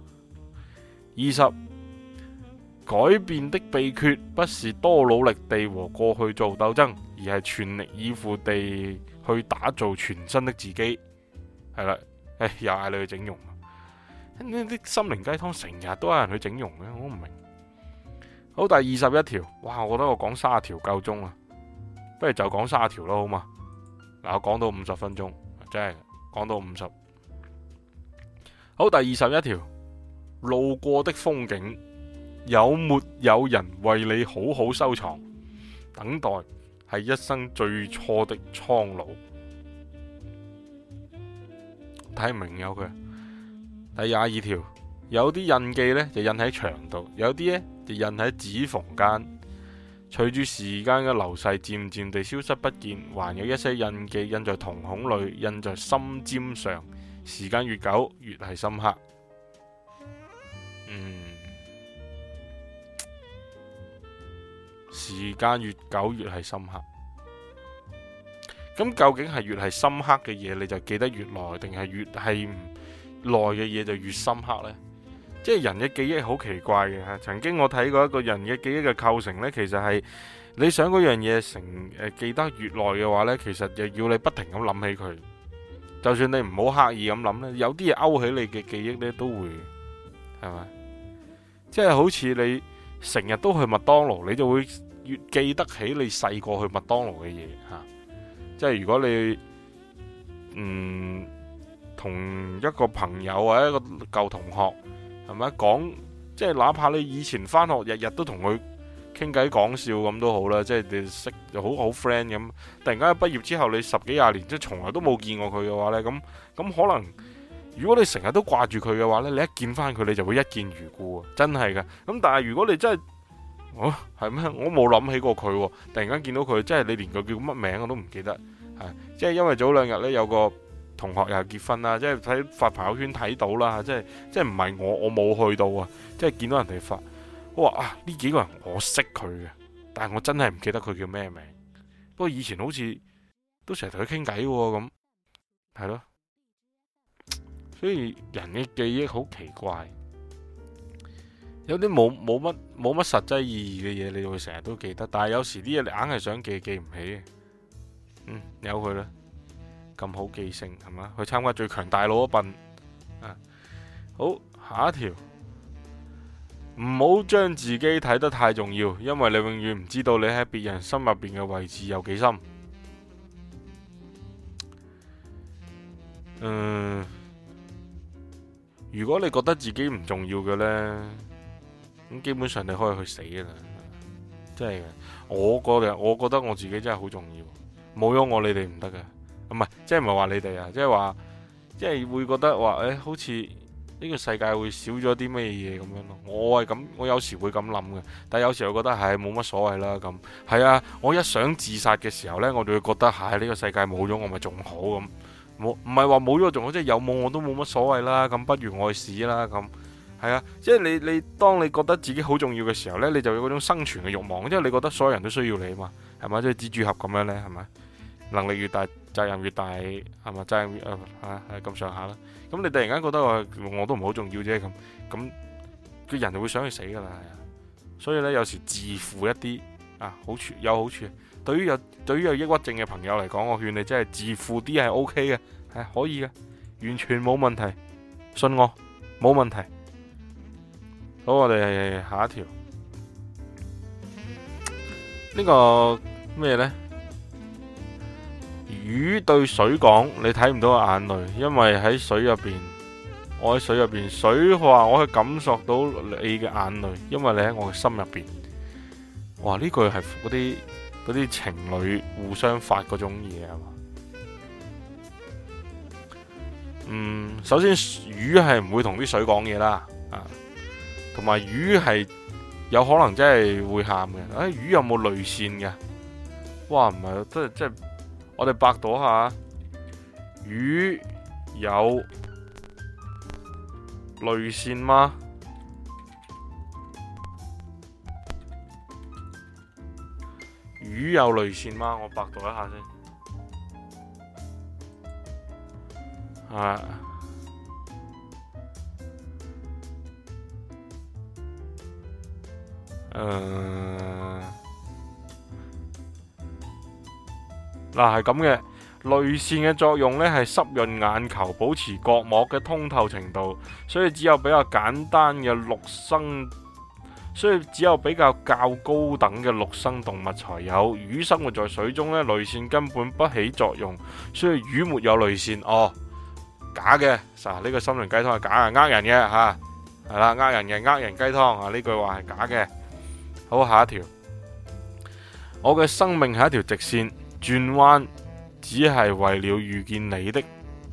二十，改變的秘訣不是多努力地和過去做鬥爭，而係全力以赴地去打造全新的自己。係啦，又嗌你去整容，呢啲心靈雞湯成日都有人去整容嘅，我唔明。好，第二十一條，哇，我覺得我講卅條夠鐘啦，不如就講卅條啦，好嘛？嗱，我講到五十分鐘，真係講到五十。好，第二十一條，路過的風景有沒有人為你好好收藏？等待係一生最初的蒼老。睇唔明有佢。第廿二條，有啲印記呢就印喺牆度，有啲呢就印喺指縫間。隨住時間嘅流逝，漸漸地消失不見。還有一些印記印在瞳孔裏，印在心尖上。時間越久，越係深刻。嗯，時間越久，越係深刻。咁究竟係越係深刻嘅嘢，你就記得越耐，定係越係唔耐嘅嘢就越深刻咧？即係人嘅記憶好奇怪嘅吓。曾經我睇過一個人嘅記憶嘅構成咧，其實係你想嗰樣嘢成誒記得越耐嘅話咧，其實又要你不停咁諗起佢。就算你唔好刻意咁諗咧，有啲嘢勾起你嘅記憶咧，都會係咪？即係好似你成日都去麥當勞，你就會越記得起你細個去麥當勞嘅嘢吓。即係如果你，嗯，同一個朋友或者一個舊同學，係咪講？即係哪怕你以前翻學日日都同佢傾偈講笑咁都好啦。即係你識又好好 friend 咁，突然間畢業之後你十幾廿年即係從來都冇見過佢嘅話呢，咁咁可能如果你成日都掛住佢嘅話呢，你一見翻佢，你就會一見如故啊！真係噶。咁但係如果你真係，哦，係咩？我冇諗起過佢喎，突然間見到佢，即係你連佢叫乜名我都唔記得，係即係因為早兩日咧有個同學又結婚啦，即係喺發朋友圈睇到啦，即係即係唔係我我冇去到啊，即係見到人哋發，我話啊呢幾個人我識佢嘅，但係我真係唔記得佢叫咩名。不過以前好似都成日同佢傾偈嘅咁，係咯。所以人嘅記憶好奇怪。有啲冇冇乜冇乜實際意義嘅嘢，你會成日都記得，但係有時啲嘢你硬係想記，記唔起嘅。嗯，由佢啦，咁好記性係嘛？去參加最強大腦啊！笨啊，好，下一條，唔好將自己睇得太重要，因為你永遠唔知道你喺別人心入邊嘅位置有幾深。嗯，如果你覺得自己唔重要嘅呢？.咁基本上你可以去死噶啦，真係嘅。我覺得，我覺得我自己真係好重要，冇咗我你哋唔得嘅。唔係，即係唔係話你哋啊，即係話，即係會覺得話，誒、欸、好似呢個世界會少咗啲咩嘢咁樣咯。我係咁，我有時會咁諗嘅。但係有時又覺得係冇乜所謂啦。咁係啊，我一想自殺嘅時候呢，我就會覺得係呢、哎呢個世界冇咗我咪仲好咁。冇唔係話冇咗仲好，即係有冇我都冇乜所謂啦。咁不如我去死啦咁。係啊，即係你你當你覺得自己好重要嘅時候呢，你就有嗰種生存嘅欲望，因為你覺得所有人都需要你啊嘛，係咪？即係蜘蛛俠咁樣呢，係咪？能力越大，責任越大，係咪？責任越，吓係咁上下啦。咁、啊啊啊、你突然間覺得我、啊、我都唔好重要啫，咁咁，個人就會想去死噶啦，係啊。所以呢，有時自負一啲啊，好處有好處的。對於有對於有抑鬱症嘅朋友嚟講，我勸你真係、就是、自負啲係 O K 嘅，係、啊、可以嘅，完全冇問題，信我冇問題。好，我哋下一條呢個咩呢？魚對水講，你睇唔到眼淚，因為喺水入邊，我喺水入邊。水話我可以感受到你嘅眼淚，因為你喺我嘅心入邊。哇！呢句係嗰啲嗰啲情侶互相發嗰種嘢係嘛？嗯，首先魚係唔會同啲水講嘢啦，啊。同埋魚係有可能真係會喊嘅，哎，魚有冇淚腺㗎？哇，唔係，即係即係我哋百度下，魚有淚腺嗎？魚有淚腺嗎？我百度一下先，啊！誒、uh，嗱，係咁嘅淚腺嘅作用呢，係濕潤眼球，保持角膜嘅通透程度。所以只有比較簡單嘅陸生，所以只有比較較高等嘅陸生動物才有。魚生活在水中呢，淚腺根本不起作用，所以魚沒有淚腺哦。假嘅，呢、這個心靈雞湯係假啊，呃人嘅吓，係啦，呃人嘅呃人雞湯人啊，呢句話係假嘅。好，下一條，我嘅生命係一條直線，轉彎只係為了遇見你的，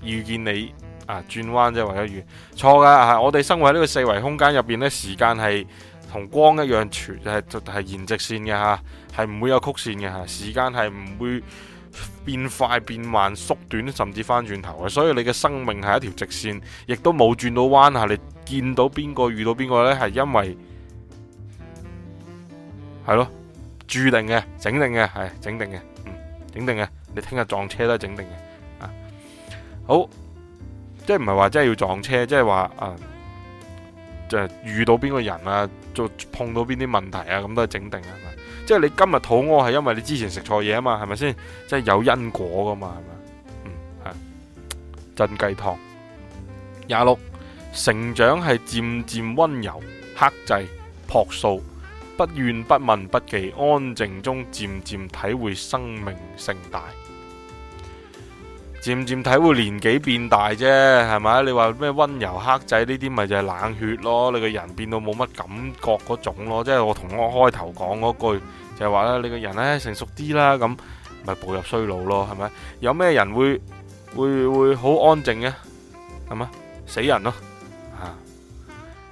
遇見你啊，轉彎即係為咗遇，錯噶啊！我哋生活喺呢個四維空間入邊咧，時間係同光一樣傳，係係沿直線嘅吓，係唔會有曲線嘅吓，時間係唔會變快變慢縮短，甚至翻轉頭嘅，所以你嘅生命係一條直線，亦都冇轉到彎吓，你見到邊個遇到邊個呢？係因為。係咯，注定嘅，整定嘅，係整定嘅，嗯，整定嘅，你聽日撞車都係整定嘅，啊，好，即係唔係話真係要撞車，即係話啊，就係遇到邊個人啊，就碰到邊啲問題啊，咁都係整定啊，即係你今日肚屙係因為你之前食錯嘢啊嘛，係咪先？即係有因果噶嘛，係咪？嗯，係，真雞湯，廿六，成長係漸漸溫柔、克制、樸素。不怨不問不忌，安靜中漸漸體會生命盛大，漸漸體會年紀變大啫，係咪？你話咩温柔黑仔呢啲，咪就係冷血咯？你個人變到冇乜感覺嗰種咯，即係我同我開頭講嗰句，就係話咧，你個人咧成熟啲啦，咁咪步入衰老咯，係咪？有咩人會會會好安靜嘅？係咪，死人咯，吓，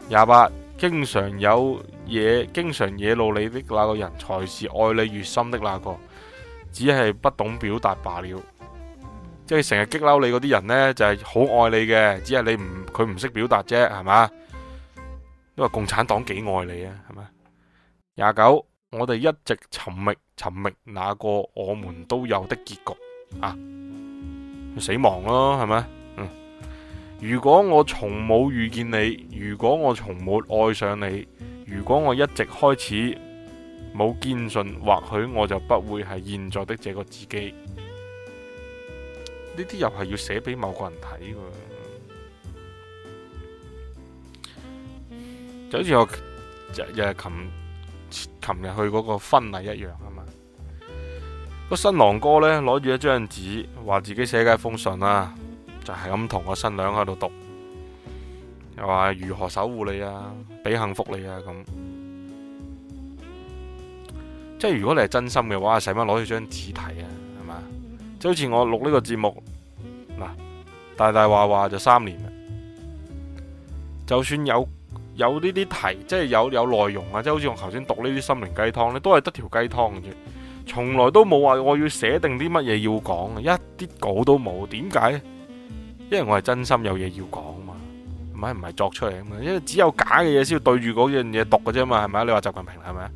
廿八。經常有嘢，經常惹怒你的那個人，才是愛你越深的那個，只係不懂表達罷了。即係成日激嬲你嗰啲人呢，就係、是、好愛你嘅，只係你唔佢唔識表達啫，係嘛？因為共產黨幾愛你啊，係咪？廿九，我哋一直尋覓尋覓那個我們都有的結局啊，死亡咯，係咪？如果我從冇遇見你，如果我從沒愛上你，如果我一直開始冇堅信或許，或許我就不會係現在的這個自己。呢啲又係要寫俾某個人睇㗎，就好似我琴琴日去嗰個婚禮一樣啊嘛。個新郎哥呢，攞住一張紙，話自己寫嘅一封信啦，啊。就係咁同個新娘喺度讀，又話如何守護你啊，俾幸福你啊，咁即係如果你係真心嘅話，使乜攞住張紙題啊？係嘛，即係好似我錄呢個節目嗱，大大話話就三年。就算有有呢啲題，即係有有內容啊，即係好似我頭先讀呢啲心靈雞湯呢都係得條雞湯嘅，從來都冇話我要寫定啲乜嘢要講，一啲稿都冇，點解？因為我係真心有嘢要講啊嘛，唔係唔係作出嚟啊嘛，因為只有假嘅嘢先要對住嗰樣嘢讀㗎啫嘛，係咪，你話習近平係咪啊？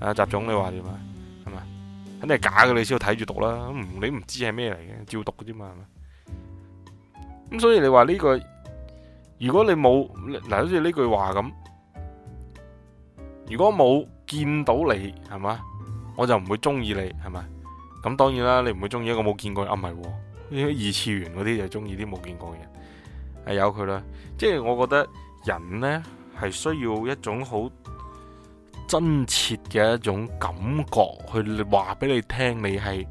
啊習總你話點啊？係咪？肯定係假嘅，你先要睇住讀啦，你唔知係咩嚟嘅，照讀㗎啫嘛，係咪？咁所以你話呢句，如果你冇嗱好似呢句話咁，如果冇見到你係嘛，我就唔會中意你係咪？咁當然啦，你唔會中意一個冇見過啊咪。二次元嗰啲就中意啲冇見過嘅人，係由佢啦。即係我覺得人呢係需要一種好真切嘅一種感覺，去話俾你聽你係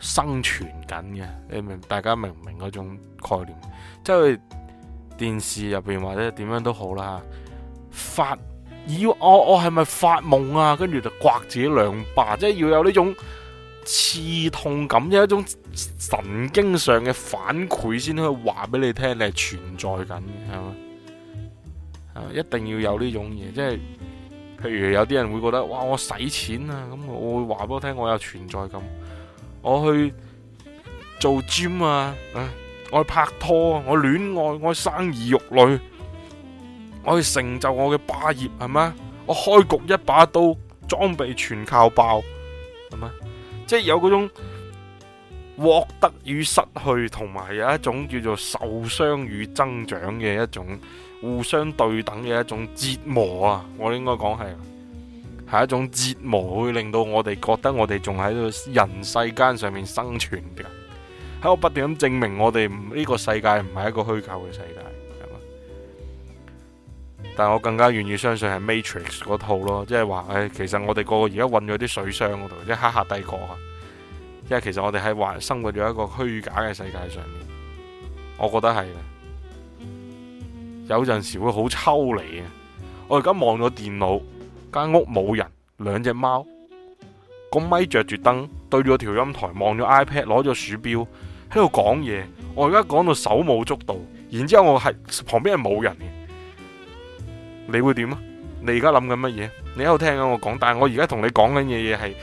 生存緊嘅。你明？大家明唔明嗰種概念？即係電視入邊或者點樣都好啦，發咦，我我係咪發夢啊？跟住就刮自己兩巴，即係要有呢種刺痛感，嘅一種。神經上嘅反饋先可以話俾你聽，你係存在緊嘅，係嘛？一定要有呢種嘢，即係，譬如有啲人會覺得，哇，我使錢啊，咁我會話俾你聽，我有存在感，我去做 gym 啊，我去拍拖，我戀愛，我去生兒育女，我去成就我嘅霸業，係咩？我開局一把刀，裝備全靠爆，係咪？即係有嗰種。獲得與失去，同埋有一種叫做受傷與增長嘅一種互相對等嘅一種折磨啊！我應該講係，係一種折磨，會令到我哋覺得我哋仲喺度人世間上面生存嘅，喺我不斷咁證明我哋呢個世界唔係一個虛構嘅世界，係嘛？但我更加願意相信係 Matrix 嗰套咯，即係話，誒、哎，其實我哋個個而家混咗啲水箱嗰度，即係黑客帝國啊！即係其實我哋係活生活咗一個虛假嘅世界上面，我覺得係有陣時會好抽離嘅。我而家望咗電腦，間屋冇人，兩隻貓，個咪着住燈，對住個調音台，望咗 iPad，攞咗鼠標喺度講嘢。我而家講到手舞足蹈，然之後我係旁邊係冇人嘅，你會點啊？你而家諗緊乜嘢？你喺度聽緊我講，但係我而家同你講緊嘢嘢係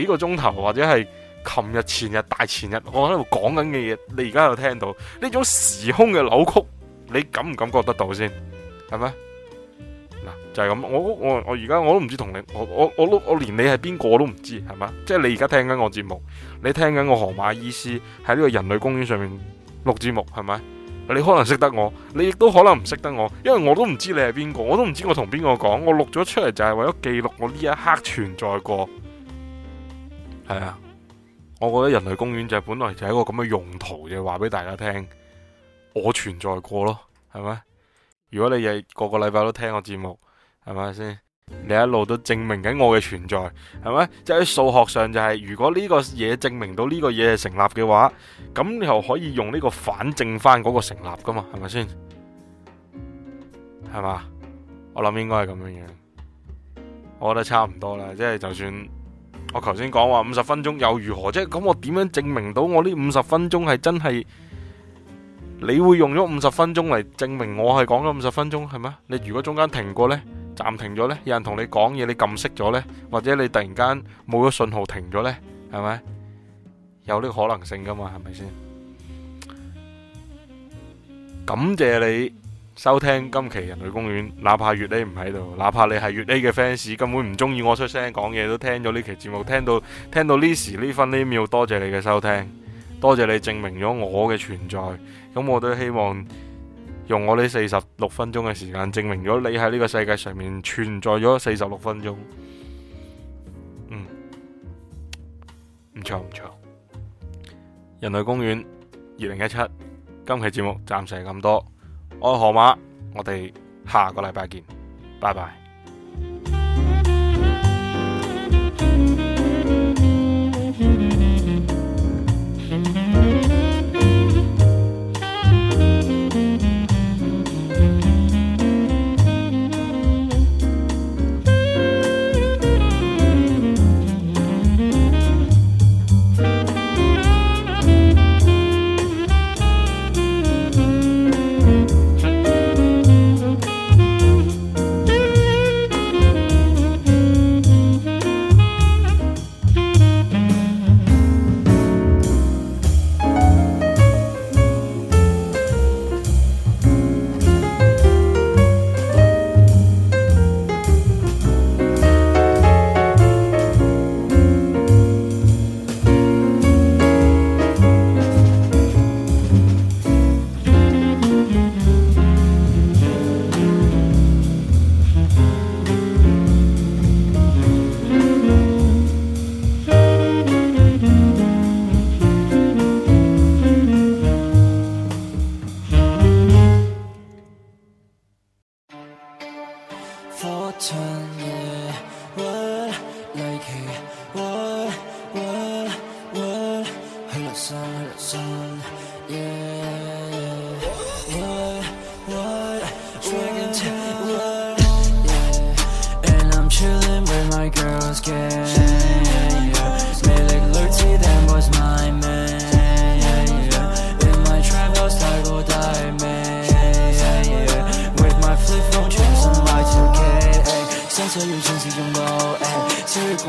幾個鐘頭或者係。琴日前日大前日，我喺度講緊嘅嘢，你而家又聽到呢種時空嘅扭曲，你感唔感覺得到先？係咪？嗱就係咁，我我我而家我都唔知同你，我我我都我連你係邊個都唔知，係咪？即係你而家聽緊我節目，你聽緊我河馬醫師喺呢個人類公園上面錄節目，係咪？你可能識得我，你亦都可能唔識得我，因為我都唔知你係邊個，我都唔知我同邊個講，我錄咗出嚟就係為咗記錄我呢一刻存在過，係啊。我覺得人類公園就係本來就係一個咁嘅用途，就話俾大家聽我存在過咯，係咪？如果你日個個禮拜都聽我節目，係咪先？你一路都證明緊我嘅存在，係咪？即係喺數學上就係，如果呢個嘢證明到呢個嘢係成立嘅話，咁你又可以用呢個反證翻嗰個成立噶嘛？係咪先？係嘛？我諗應該係咁樣樣，我覺得差唔多啦，即係就算。我頭先講話五十分鐘又如何啫？咁我點樣證明到我呢五十分鐘係真係？你會用咗五十分鐘嚟證明我係講咗五十分鐘，係咪？你如果中間停過呢，暫停咗呢，有人同你講嘢你撳熄咗呢，或者你突然間冇咗信號停咗呢，係咪有呢個可能性噶嘛？係咪先？感謝你。收聽今期《人類公園》，哪怕粵 A 唔喺度，哪怕你係粵 A 嘅 fans，根本唔中意我出聲講嘢，都聽咗呢期節目，聽到聽到呢時呢分呢秒，多謝你嘅收聽，多謝你證明咗我嘅存在，咁我都希望用我呢四十六分鐘嘅時間，證明咗你喺呢個世界上面存在咗四十六分鐘。嗯，唔錯唔錯，《人類公園》二零一七，今期節目暫時係咁多。我係河馬，我哋下個禮拜見，拜拜。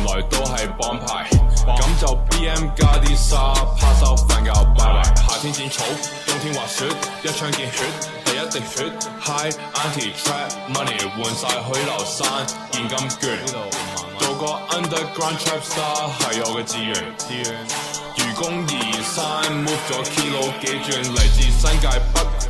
原來都係幫派，咁就 BM 加啲沙，怕手瞓覺拜拜。夏天剪草，冬天滑雪，一槍見血，第一滴血。h 嗨，anti trap money 換晒許留山現金券，做個 underground trap star 係我嘅志願。愚公移山 move 咗 kilo 幾轉，嚟自新界北。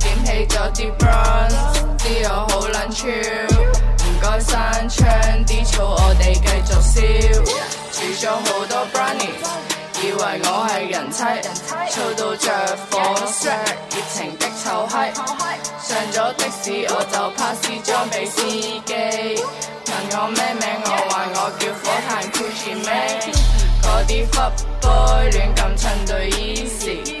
披咗啲 bronze，知我好撚超，唔該閂窗，啲草我哋繼續燒。煮咗好多 brownie，以為我係人妻，燥到着火 shirt，熱情的臭閪。上咗的士我就 pass 俾司機，問我咩名，我話我叫火炭 Pucci 麗。嗰啲 fuck boy 亂咁襯對 easy。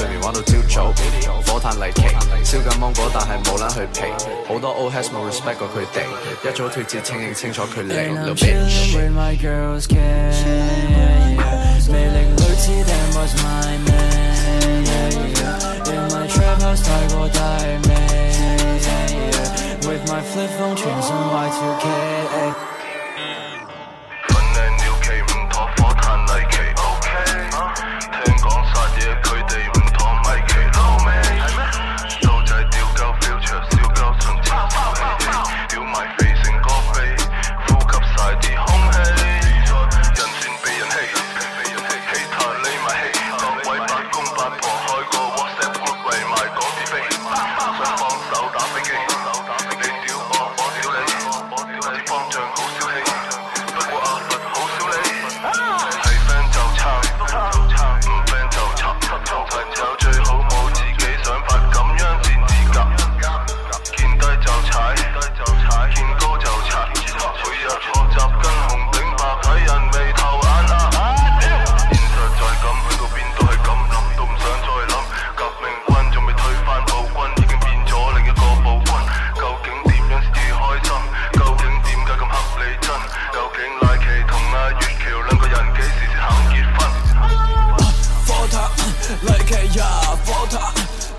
睡眠玩到朝早，火炭嚟奇燒緊芒果，但係冇撚去皮。好多 Old Heads 冇 respect 過佢哋，一早脫節清醒清楚佢哋。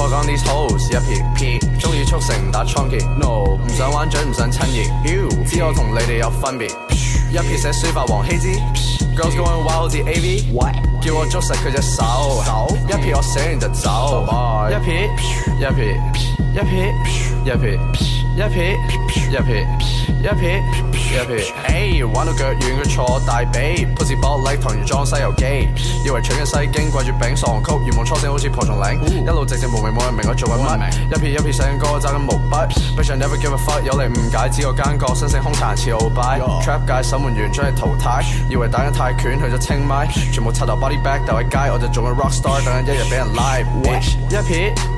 我講呢套一撇撇，中意速成唔打倉頡，no，唔想玩嘴唔想親熱，you，知我同你哋有分別，一撇寫書法王羲之，girls going wild in A V，叫我捉實佢隻手，一撇我寫完就走，走 bye，一撇一撇一撇。一一撇，一撇，一撇，一撇，一撇。哎，玩到腳軟，佢坐大髀，Pussy boy like 唐玄奘西遊記，以為取緊《西經》，掛住餅喪曲，原本初醒，好似蒲松齡，一路直直無名，冇人明我做緊乜。一撇，一撇，寫緊歌，揸緊毛筆，配上 Never give a fuck，有嚟誤解，只有奸角，新星空談次傲拜，Trap 界守門員將你淘汰，以為打緊泰拳去咗清邁，全部插頭 body bag，丟喺街，我就做緊 rock star，等緊一日俾人 live。一撇。